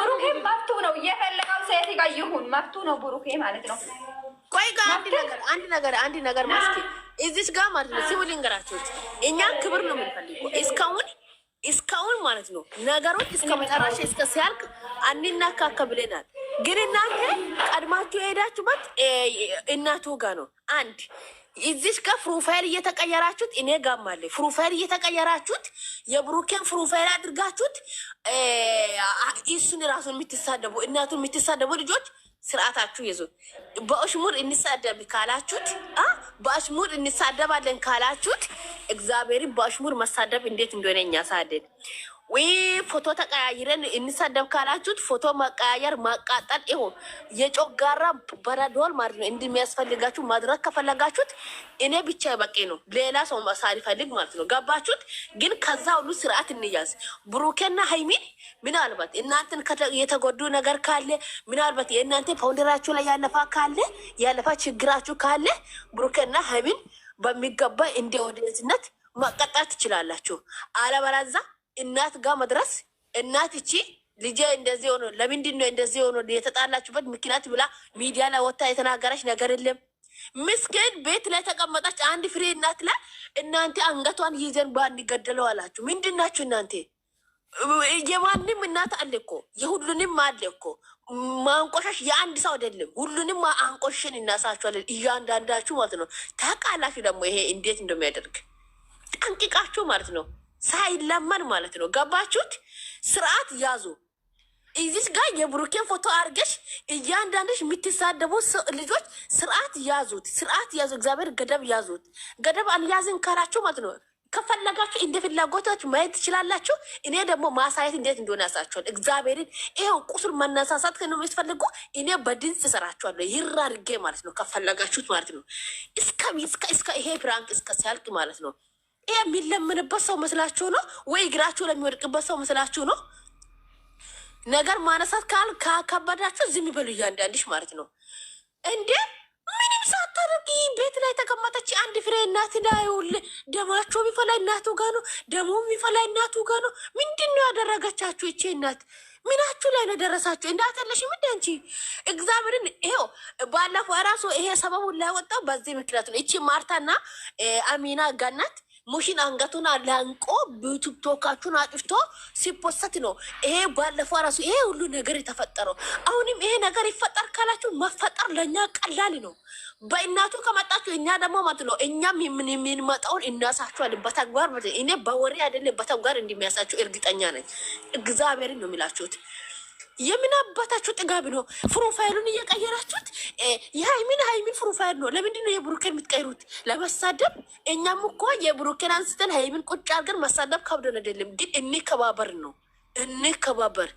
ብሩኬም መብቱ ነው፣ እየፈለገው ሴት ጋር ይሁን መብቱ ነው። ብሩኬ ማለት ነው። ቆይ ጋር አንድ ነገር አንድ ነገር አንድ ነገር ማስኪ እዚች ጋር ማለት ነው ሲቡ ልንገራቸው፣ እኛ ክብር ነው የምንፈልገው እስካሁን እስካሁን ማለት ነው ነገሮች እስከ መጨረሻ እስከ ሲያልቅ አንናካካ ብለናል። ግን እናንተ ቀድማችሁ የሄዳችሁበት እናቱ ጋ ነው። አንድ እዚሽ ጋር ፕሮፋይል እየተቀየራችሁት እኔ ጋማለ ፕሮፋይል እየተቀየራችሁት የብሩኬን ፕሮፋይል አድርጋችሁት እሱን ራሱን የምትሳደቡ እናቱን የምትሳደቡ ልጆች ስርዓታችሁ ይዙ። በአሽሙር እንሳደብ ካላችሁት፣ በአሽሙር እንሳደባለን ካላችሁት፣ እግዚአብሔርን በአሽሙር መሳደብ እንዴት እንደሆነ እኛ ሳደድ ወይ ፎቶ ተቀያይረን እንሳደብ ካላችሁት ፎቶ መቀያየር ማቃጠል ይሁን የጮጋራ በረዶል ማለት ነው። እንደሚያስፈልጋችሁ ማድረግ ከፈለጋችሁት እኔ ብቻ በቂ ነው። ሌላ ሰው ሳልፈልግ ማለት ነው። ገባችሁት? ግን ከዛ ሁሉ ስርዓት እንያዝ። ብሩኬና ሀይሚን ምናልባት እናንተን የተጎዱ ነገር ካለ ምናልባት የእናንተ ፓውንደራችሁ ላይ ያለፋ ካለ ያለፋ ችግራችሁ ካለ ብሩኬና ሀይሚን በሚገባ እንደ ወደዝነት ማቀጣት ትችላላችሁ። አለበለዚያ እናት ጋር መድረስ እናት እቺ ልጄ እንደዚህ ሆኖ ለምንድን ነው እንደዚህ ሆኖ የተጣላችሁበት ምክንያት ብላ ሚዲያ ላይ ወታ የተናገረች ነገር የለም። ምስኪን ቤት ላይ ተቀመጠች። አንድ ፍሬ እናት ላይ እናንተ አንገቷን ይዘን ባንገደለው አላችሁ። ምንድን ናችሁ እናንተ? የማንም እናት አለ እኮ የሁሉንም አለ እኮ። ማንቆሻሽ የአንድ ሰው አይደለም። ሁሉንም አንቆሽን እናሳችኋለን፣ እያንዳንዳችሁ ማለት ነው። ታውቃላችሁ ደግሞ ይሄ እንዴት እንደሚያደርግ ጠንቅቃችሁ ማለት ነው። ሳይለመን ማለት ነው። ገባችሁት? ስርዓት ያዙ። እዚች ጋር የብሩኬን ፎቶ አርገሽ እያንዳንድሽ የምትሳደቡ ልጆች ስርዓት ያዙት፣ ስርዓት ያዙ። እግዚአብሔር ገደብ ያዙት። ገደብ አልያዝን ካላችሁ ማለት ነው ከፈለጋችሁ እንደ ፍላጎታችሁ ማየት ትችላላችሁ። እኔ ደግሞ ማሳየት እንዴት እንደሆነ ያሳችኋል። እግዚአብሔርን ይሄው ቁስል መነሳሳት ነው የምትፈልጉ እኔ በድምፅ እሰራችኋለሁ። ይራርጌ ማለት ነው ከፈለጋችሁት ማለት ነው እስከ ይሄ ፕራንክ እስከ ሲያልቅ ማለት ነው የሚለምንበት ሰው መስላችሁ ነው ወይ እግራችሁ ለሚወድቅበት ሰው መስላችሁ ነው? ነገር ማነሳት ካል ካከበዳችሁ ዝም ይበሉ። እያንዳንድሽ ማለት ነው እንዴ ምንም ሳታደርጊ ቤት ላይ ተቀመጠች። አንድ ፍሬ እናት ዳይውል ደማቸው የሚፈላ እናቱ ጋ ነው፣ ደሞ የሚፈላ እናቱ ጋ ነው። ምንድን ነው ያደረገቻችሁ ይቼ እናት? ምናችሁ ላይ ነው ደረሳችሁ? እንዳተለሽ ምንድ አንቺ እግዚአብሔርን ይሄው ባለፈው ራሱ ይሄ ሰበቡን ላይ ወጣው በዚህ ምክንያት ነው። ይቺ ማርታና አሚና ጋናት ሙሽን አንገቱን አላንቆ ቲክቶካችሁን አጥፍቶ ሲፖሰት ነው። ይሄ ባለፈው ራሱ ይሄ ሁሉ ነገር የተፈጠረው አሁንም ይሄ ነገር ይፈጠር ካላችሁ መፈጠር ለእኛ ቀላል ነው። በእናቱ ከመጣችሁ እኛ ደግሞ ማለት ነው እኛም የምንመጣውን እናሳችኋል። በተግባር እኔ በወሬ አይደለም በተግባር እንደሚያሳችሁ እርግጠኛ ነኝ። እግዚአብሔርን ነው የሚላችሁት። የምን አባታችሁ ጥጋብ ነው? ፕሮፋይሉን እየቀየራችሁት የሃይሚን ሃይሚን ፕሮፋይል ነው። ለምንድን ነው የብሩኬን የምትቀይሩት? ለመሳደብ። እኛም እኮ የብሩኬን አንስተን ሃይሚን ቁጭ አድርገን መሳደብ ካብደን አይደለም፣ ግን እኔ ከባበር ነው እንከባበር።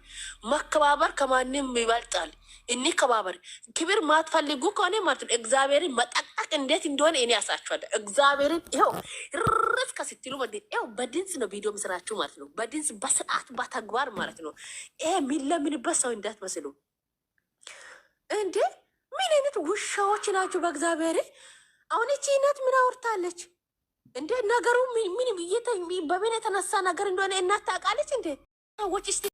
መከባበር ከማንም ይበልጣል። እንከባበር። ክብር ማትፈልጉ ከሆነ ማለት ነው እግዚአብሔርን መጠቅጠቅ እንዴት እንደሆነ እኔ ያሳችኋለሁ። እግዚአብሔርን ይኸው ርስ ከስትሉ ማለት ነው በድምፅ ነው ቪዲዮ ምስራችሁ ማለት ነው። በድምፅ በስርዓት በተግባር ማለት ነው። ይሄ የሚለምንበት ሰው እንዳት መስሉ እንዴ። ምን አይነት ውሻዎች ናቸው በእግዚአብሔር አሁን ይቺ እናት ምን አውርታለች እንዴ? ነገሩ ምን በምን የተነሳ ነገር እንደሆነ እናት ታውቃለች እንዴ? ሰዎች ስ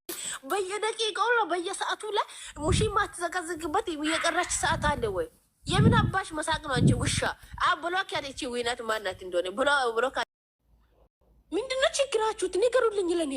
በየደቂቃው ነው በየሰዓቱ ላይ ሙሽ ማትዘቀዝቅበት የቀረች ሰዓት አለ ወይ? የምን አባሽ መሳቅ ነው? አንቺ ውሻ ብሎክ ያለች ዊናት ማናት እንደሆነ ብሎ ምንድነው ችግራችሁት? ንገሩልኝ ለኔ